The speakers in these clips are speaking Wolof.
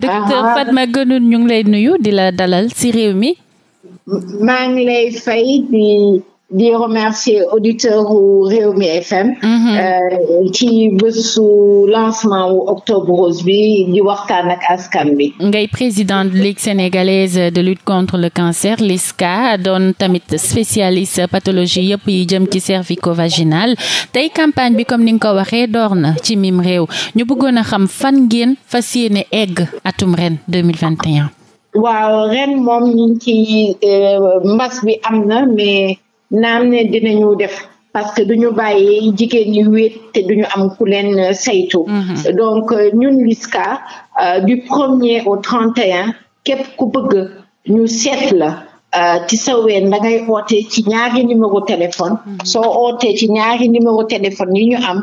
docteur ah. Fatma Guenoune ñu ngi lay nuyu di la dalal ci réew mi maa ngi lay fay di remercier auditeurs wu mi FM. Mhm. Euh, ci bésu lancement wu octobre rose bi di waxtaan ak askan bi. ngay présidente ligue sénégalaise de lutte contre le cancer LISCA doon tamit spécialiste pathologie yëpp yi jëm ci cervico-vaginal tey campagne bi comme ni nga ko waxee door na ci mim réew ñu bëggoon a xam fan ngeen fas yéene egg atum ren 2021. waaw ren moom ñu ngi euh, bi am na mais. naam ne dina dinañu def parce que du duñu bàyyi jigéen ñi wéet te ñu am ku leen euh, saytu. Mhm. donc euh, ñun LISCA euh, du premier au trente et képp ku bëgg ñu seet la. ci sa ween da ngay oote ci ñaari numéro téléphone mhm. soo ootee ci ñaari numéro téléphone yi ñu am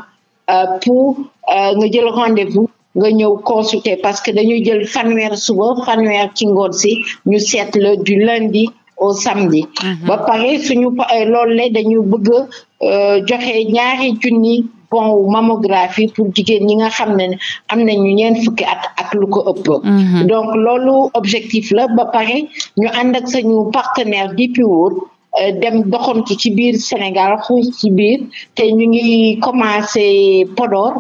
pour nga jël rendez nga ñëw consulter parce que dañuy jël fanweer suba fanweer ci ngoon si ñu seetla la du lundi au samedi. Mhm. ba pare suñu euh, lool la dañu bëgg euh, joxe ñaari junni bon mammographie pour jigéen ñi nga xam ne am ñu ñeen fukki at ak lu ko ëpp. Mhm. donc loolu objectif la ba pare ñu ànd ak sañu partenaire di Piwood euh, dem doxantu ci biir Sénégal xuus ci biir te ñu ngi commencé Podor.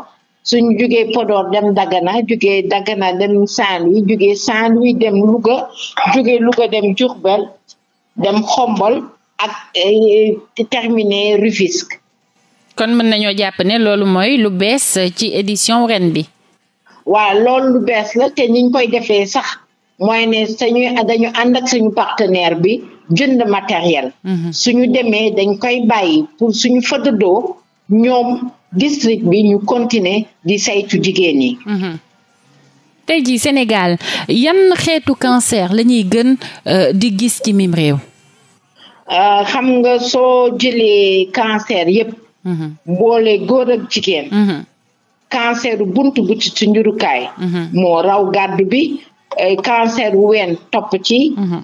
suñu jugee Podor dem Dagana jugee Dagana dem Saint-Louis jugee saint dem Louga jugee Louga dem Diourbel dem xombol ak eh, terminer Rufisque. kon mën nañoo jàpp ne loolu mooy lu bees ci édition ren bi. waaw lool lu bees la te niñ koy defee sax mooy ne dañu ànd ak suñu partenaire bi jënd matériel. Mhm. suñu demee dañ koy bàyyi pour suñu fëddoo ñoom district bi ñu continuer di saytu jigéen ñi. Mhm. tey jii Sénégal yan xeetu cancer lañuy gën euh, di gis ci mim réew. Euh, xam nga soo jëlee cancer yépp. Mm-hmm. boole góor ak jigéen. Mm-hmm. cancer buntu bu ci njurukaay. Mm-hmm. moo raw gàddu bi. cancer ween topp ci.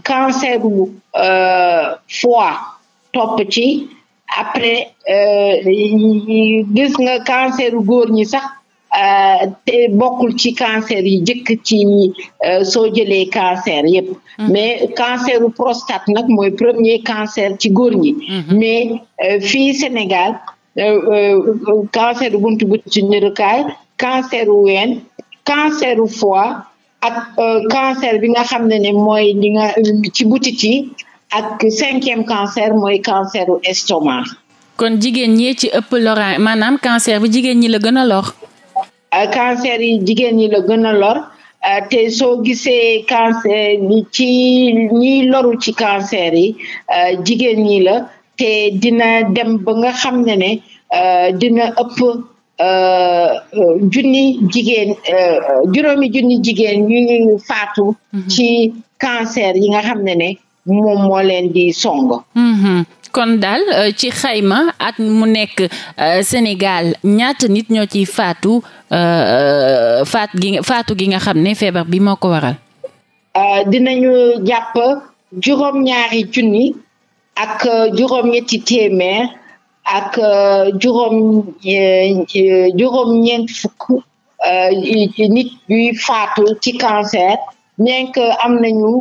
cancer euh, foie topp ci après gis nga cancer góor ñi sax. Euh, te bokkul ci cancer yi jëkk ci euh, soo jëlee cancer yépp mm-hmm. mais canceru prostate nag mooy premier cancer ci góor ñi mm-hmm. mais euh, fii Sénégal canceru buntu buntu njurukaay canceru ween canceru foie ak cancer bi nga xam ne ne mooy li nga ci butit ak cinquième cancer mooy canceru estomac kon jigéen ñi ci ëpp loraan maanaam cancer bi jigéen ñi la gën a lor Euh, cancer yi jigéen ñi la gën a lor euh, te soo gisee cancer ci ñiy loru ci cancer yi euh, jigéen ñi la te dina dem ba nga xam ne ne dina ëpp junni jigéen juróomi junni jigéen ñuy faatu mhm. ci cancer yi nga xam ne ne moom moo leen songo mhm. kon daal euh, ci xayma at mu nekk euh, Sénégal ñaat nit ñoo ci faatu euh, faat gi faatu gi nga xam ne feebar bi moo ko waral. dinañu jàpp juróom-ñaari junni ak juróom-ñetti téeméer ak juróom juróom-ñeent fukk nit yuy faatu ci cancer bien am nañu.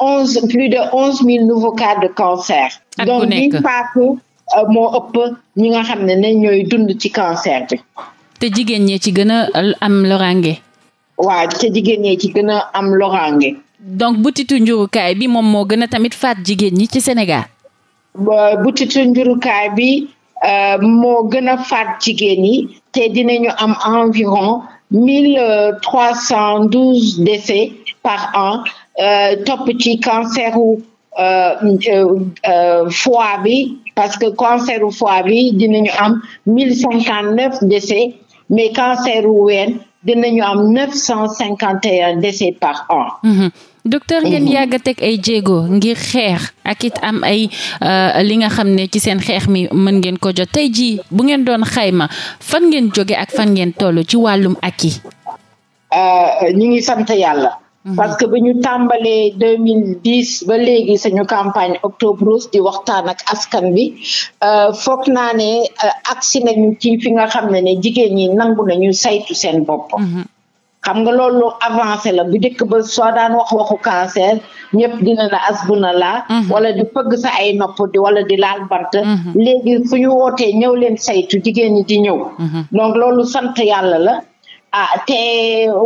onze plus de onze mille nouveaux de cancer. donc biñ paatu euh, moo ëpp ñi nga xam ne ne ñooy dund ci cancer bi. te jigéen ñee ci gën a am loraange. waa te jigéen ñee ci gën a am loraange. donc butitu njurukaay bi moom moo gën a tamit faat jigéen ñi ci Sénégal. butitu njurukaay bi euh, moo gën a faat jigéen ñi te dinañu am environ mille euh, décès par an Euh, topp ci cancer u euh, euh, foie bi parce que cancer foie bi dinañu am mille cinquante neuf décès mais cancer u ween dinañu am neuf cent cinquante et un décès par an mm-hmm. docteur ngeen mm-hmm. yàgg a teg ay jéego ngir xeex ak it am ay li nga xam ne ci seen xeex mi mën ngeen ko jot tey jii bu ngeen doon xayma fan ngeen jóge ak fan ngeen toll ci wàllum ak yi ñu ngi sant yàlla Mhm. parce que bu ñu tàmbalee deux mille dix ba léegi sañu campagne octobre di waxtaan ak askan bi euh, fook naa ne euh, agsi nañu ci fi nga xam ne ne jigéen ñi nangu nañu saytu seen bopp. Mhm. xam nga loolu avancé la bu dëkk ba soo daan wax waxu cancer ñëpp dina la na la mhm. wala di fëgg sa ay nopp wala di laal bant. léegi fu ñu wootee ñëw leen saytu jigéen ñi di ñëw. donc loolu sant yàlla la. Ah, te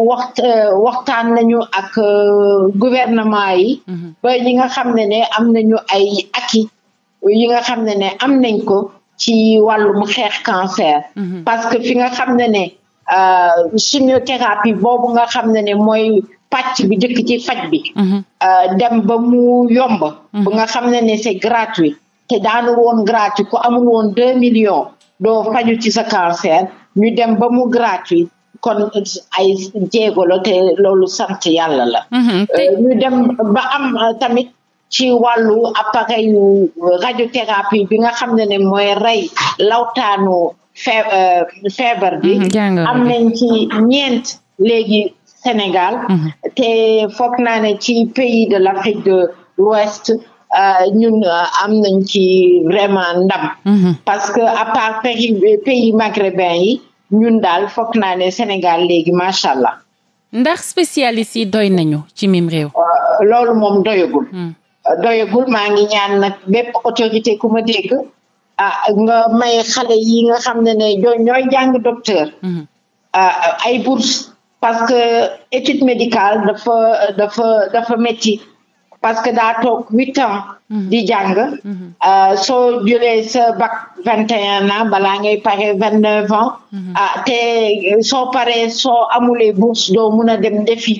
waxt waxtaan nañu ak euh, gouvernement yi mhm. ba ñi nga xam ne ne am nañu ay acquis yi nga xam ne ne am nañ ko ci wàllum xeex cancer mhm. parce que fi nga xam ne ne euh, chimiothérapie boobu nga xam ne ne mooy pàcc bi jëkk ci faj bi mhm. euh, dem ba mu yomb ba nga xam ne ne c'est gratuit te daanu woon gratuit ku amul woon deux millions doo faju ci sa cancer ñu dem ba mu gratuit kon ay jéego la te loolu sant yàlla la. Mm-hmm. Euh, ñu dem ba am euh, tamit ci wàllu appareil yu radiothérapie bi nga xam ne ne mooy rey lawtaanu euh, feebar bi. Mm-hmm. am nañ ci ñeent léegi Sénégal. Mm-hmm. te foog naa ne ci pays de l'Afrique de l'Ouest ñun am nañ ci vraiment ndam. parce que à part pays maghrébin yi. ñun daal foog naa ne Sénégal léegi macha allah. ndax spécialiste yi doy nañu ci mim réew. Euh, loolu moom doyagul. Hmm. Euh, doyagul maa ngi ñaan nag bépp autorité ku ma dégg. ah nga may xale yi nga xam ne ne ñooy jàng docteur. Hmm. Ah, ay bourse parce que étude médicale dafa dafa dafa métti. parce que daa toog huit ans mhm. di jàng mhm. euh, soo jëlee sa bac vingt et un ans balaa ngay pare vingt neuf ans mhm. ah, te soo paree soo amulee bourse doo mun a dem defi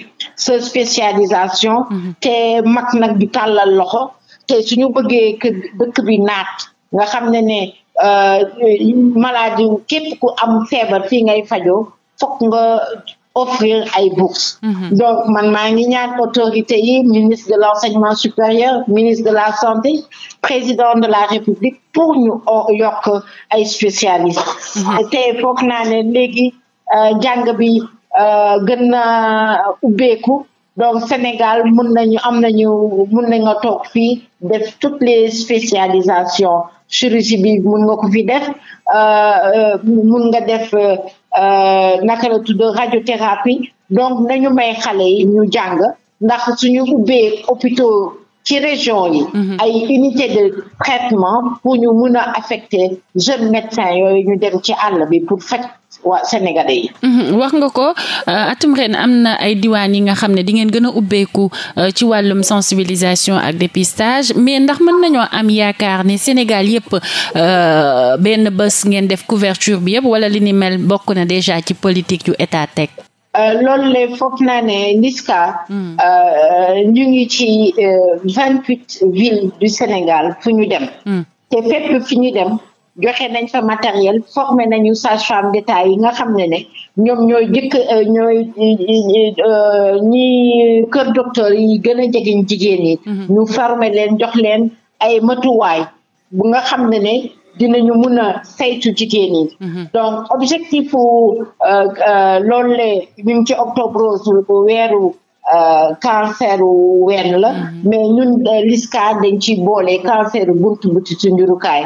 sa spécialisation te mag nag du tàllal loxo te suñu bëggee que dëkk bi naat nga xam ne ne euh, maladie képp ku am feebar fii ngay fajo fokk nga offrir ay bourses. Mhm. donc man maa ngi ñaan autorité yi ministre de l'enseignement supérieur ministre de la santé président de la république pour ñu yokk ay spécialistes. Mhm. te foog naa ne léegi euh, jàng bi euh, gën na ubbeeku donc Sénégal mun nañu am nañu mun nañu toog fii def toutes les spécialisations. chirurgie bi mun nga ko fi def euh, euh, mun nga def euh, naka la tudd radiothérapie donc nañu may xale yi ñu jàng ndax suñu ubbee hôpitaux ci région yi mhm. ay unité de traitement pour ñu mun a affecter jeunes médecins yooyu ñu dem ci àll bi pour faj waa sénégalais yi. Mhm, wax nga ko euh, atum ren am na ay diwaan yi nga xam ne di ngeen gën a ubbeeku euh, ci wàllum sensibilisation ak dépistage mais ndax mën nañoo am yaakaar ne Sénégal yëpp euh, benn bés ngeen def couverture bi yëpp wala li ni bokk na déjà ci politique yu état teg. loolu le foog naa ne Niska hmm. ñu ngi ci vingt huit villes du Sénégal fu ñu dem. Hmm. te fépp fi ñu dem. joxe nañ fa matériel formé nañu sage-femme d'État yi nga xam ne ne ñoom ñooy jëkk euh, ñooy euh, ñi kër docteur yi gën a jegeñ jigéen yi mhm. ñu formé leen jox leen ay matuwaay bu nga xam ne ne dinañu mun a saytu jigéen yi mhm. donc objectif u ñu euh, ngi ci octobre rose bu weeru Euh, canceru ween la mm-hmm. mais ñun euh, LISCA dañ ci boole canceru buntu ci njurukaay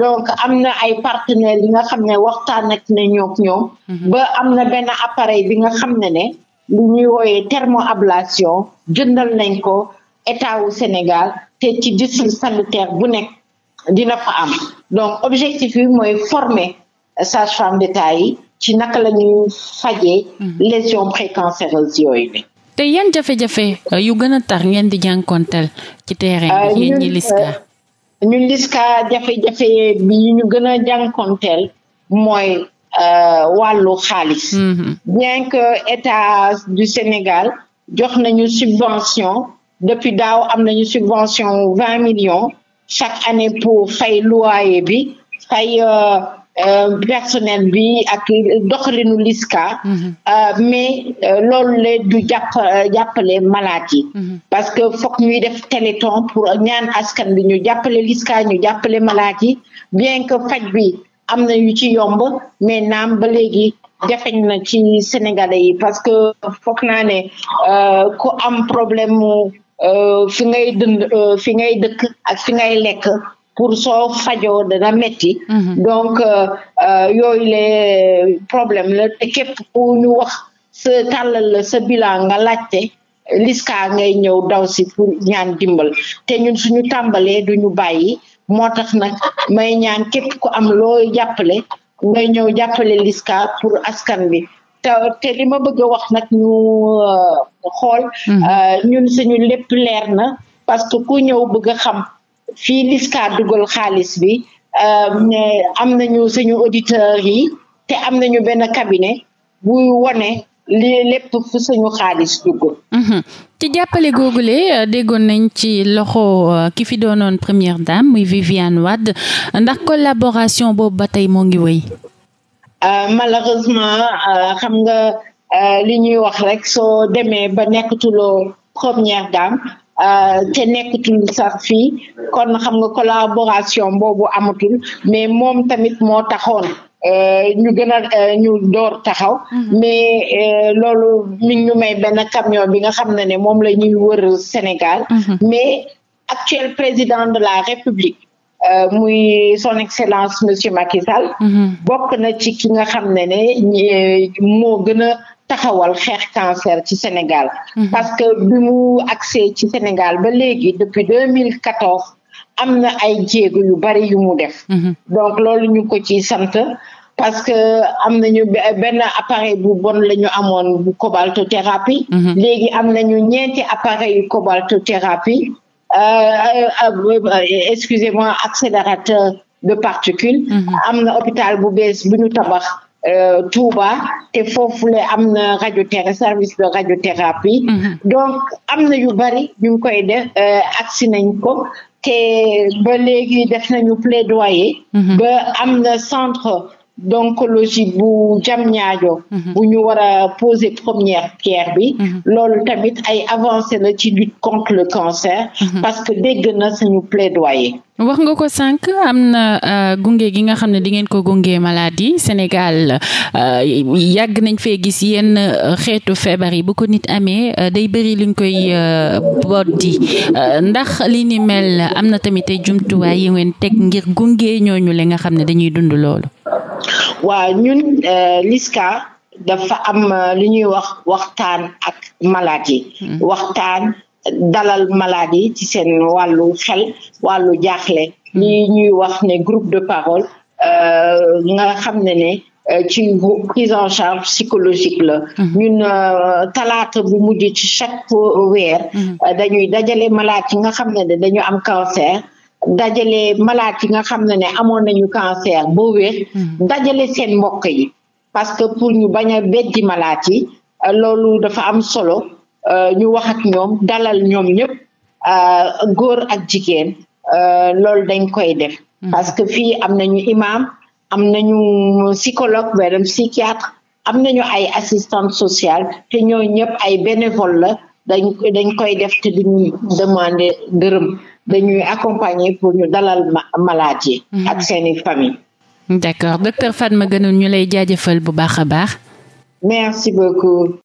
donc am na ay partenaires yi nga xam ne waxtaan ak na ñook ñoom mm-hmm. ba am na benn appareil bi nga xam ne ne lu ñuy wooyee ablation jëndal nañ ko état wu Sénégal te ci district sanitaire bu nekk dina fa am donc objectif bi mooy former euh, sage-femme d'État yi ci naka la ñuy fajee mm-hmm. lésions précancéreuses yooyu ne te yan jafe-jafe euh, yu gën a tar ngeen di jànkonteel ci terrain bi ah, yéen ñi LISCA euh, ñun LISCA jafe-jafe bi ñu gën a jànkonteel mooy euh, wàllu xaalis mm-hmm. bien que état du Sénégal jox nañu subvention depuis daaw am nañu subvention vingt million chaque année pour fay loyer bi fay Euh, personnel bi ak doxalinu LISCA. Mm-hmm. Euh, mais euh, loolu la du jàpp jàppale malade yi. Mm-hmm. parce que foog ñuy def téléthon pour ñaan askan bi ñu jàppale LISCA ñu jàppale malade yi bien que faj bi am na yu ci yomb mais naam ba léegi. jafeñ na ci Sénégalais yi parce que foog naa ne ku am problème mu fi ngay dënd fi ngay dëkk ak fi ngay lekk pour soo fajoo dana metti mhm. donc euh, euh, yooyu le problème la te képp ku ñu wax sa tàllal la sa bilan nga laajte liska ngay ñëw daw si pour ñaan dimbal te ñun suñu tàmbalee du ñu bàyyi moo tax nag may ñaan képp ku am loo jàppale ngay ñëw jàppale liska pour askan bi te te li bëgg wax nag ñu euh, xool mhm. ñun suñu lépp leer na parce que ku ñëw bëgg a xam fii LISCA dugal xaalis bi euh, am nañu suñu auditeurs yi te am nañu benn cabinet buy wone li lépp fu suñu xaalis dugg mhm. ci jàppale googule euh, déggoon nañ ci loxo euh, ki fi doonoon première dame muy Viviane Wade ndax collaboration boobu ba tey moo ngi wéy malheureusement xam nga li ñuy wax rek soo demee ba nekkatuloo première dame Euh, te nekkatul sax fii kon xam nga collaboration boobu amatul mais moom tamit moo taxoon euh, ñu gën a euh, ñu door taxaw mm-hmm. mais loolu mi ñu may benn camion bi nga xam ne ne moom la ñuy wër Sénégal mm-hmm. mais actuel président de la République Euh, muy son excellence monsieur Macky Sall. Mm-hmm. bokk na ci ki nga xam ne ne moo gën a taxawal xeex cancer ci Sénégal. Mm parce que bi mu accès ci Sénégal ba léegi depuis 2014 am na ay jéeg yu bari yu mu def. Mm donc loolu ñu ko ci sant parce que am nañu benn appareil bu bon la ñu amoon bu cobaltothérapie. Mm -hmm. léegi am nañu ñeenti appareil yu cobaltothérapie. Euh, euh, euh, excusez-moi accélérateur de particules. Mhm. am na hôpital bu bees bu ñu tabax. Euh, Touba te foofu le am na radiothérapie service de radiothérapie mhm. donc am na yu bari ñu ngi koy def euh, agsi nañ ko te ba léegi def nañu plaidoyer mhm. ba am na centre d'oncologie bu Diamniadio mhm. bu ñu war a poser première pierre bi loolu tamit ay avancé la ci lutte contre le cancer parce que dégg na suñu plaidoyer wax nga ko sànq am na uh, gunge gi nga xam ne dingeen ko gunge malade yi Sénégal uh, yàgg nañ fee gis yenn euh, xeetu feebar yi bu ko nit amee euh, day bëri luñ koy euh, boddi ndax li ni mel am na tamit ay jumtuwaay yi ngeen teg ngir gunge ñooñu le nga xam ne dañuy dund loolu. waaw ñun LISCA dafa am li ñuy wax waxtaan ak malade yi. Hmm. waxtaan dalal malade yi ci seen wàllu xel wàllu jaaxle hmm. li ñuy wax ne groupe de parole euh, nga xam ne ne euh, ci prise en charge psychologique la hmm. ñun euh, talaata bu mujj ci chaque weer hmm. dañuy dajale malade yi nga xam ne ne dañu am cancer dajale malade yi nga xam ne ne amoon nañu cancer boo wér dajale seen mbokk yi parce que pour ñu bañ a beddi malade yi loolu dafa am solo Euh, ñu wax ak ñoom dalal ñoom ñëpp euh, góor ak jigéen euh, loolu dañ koy def mm-hmm. parce que fii am nañu imam am nañu psychologue beneen psychiatre am nañu ay assistante sociale te ñooñu ñëpp ay bénévole la dañ dañ koy def te duñuy demander dërëm dañuy accompagner pour ñu dalal malade yi mm-hmm. ak seeni famille d'accord docteur Fatma Guenoune ñu lay jaajëfal bu baax a baax merci beaucoup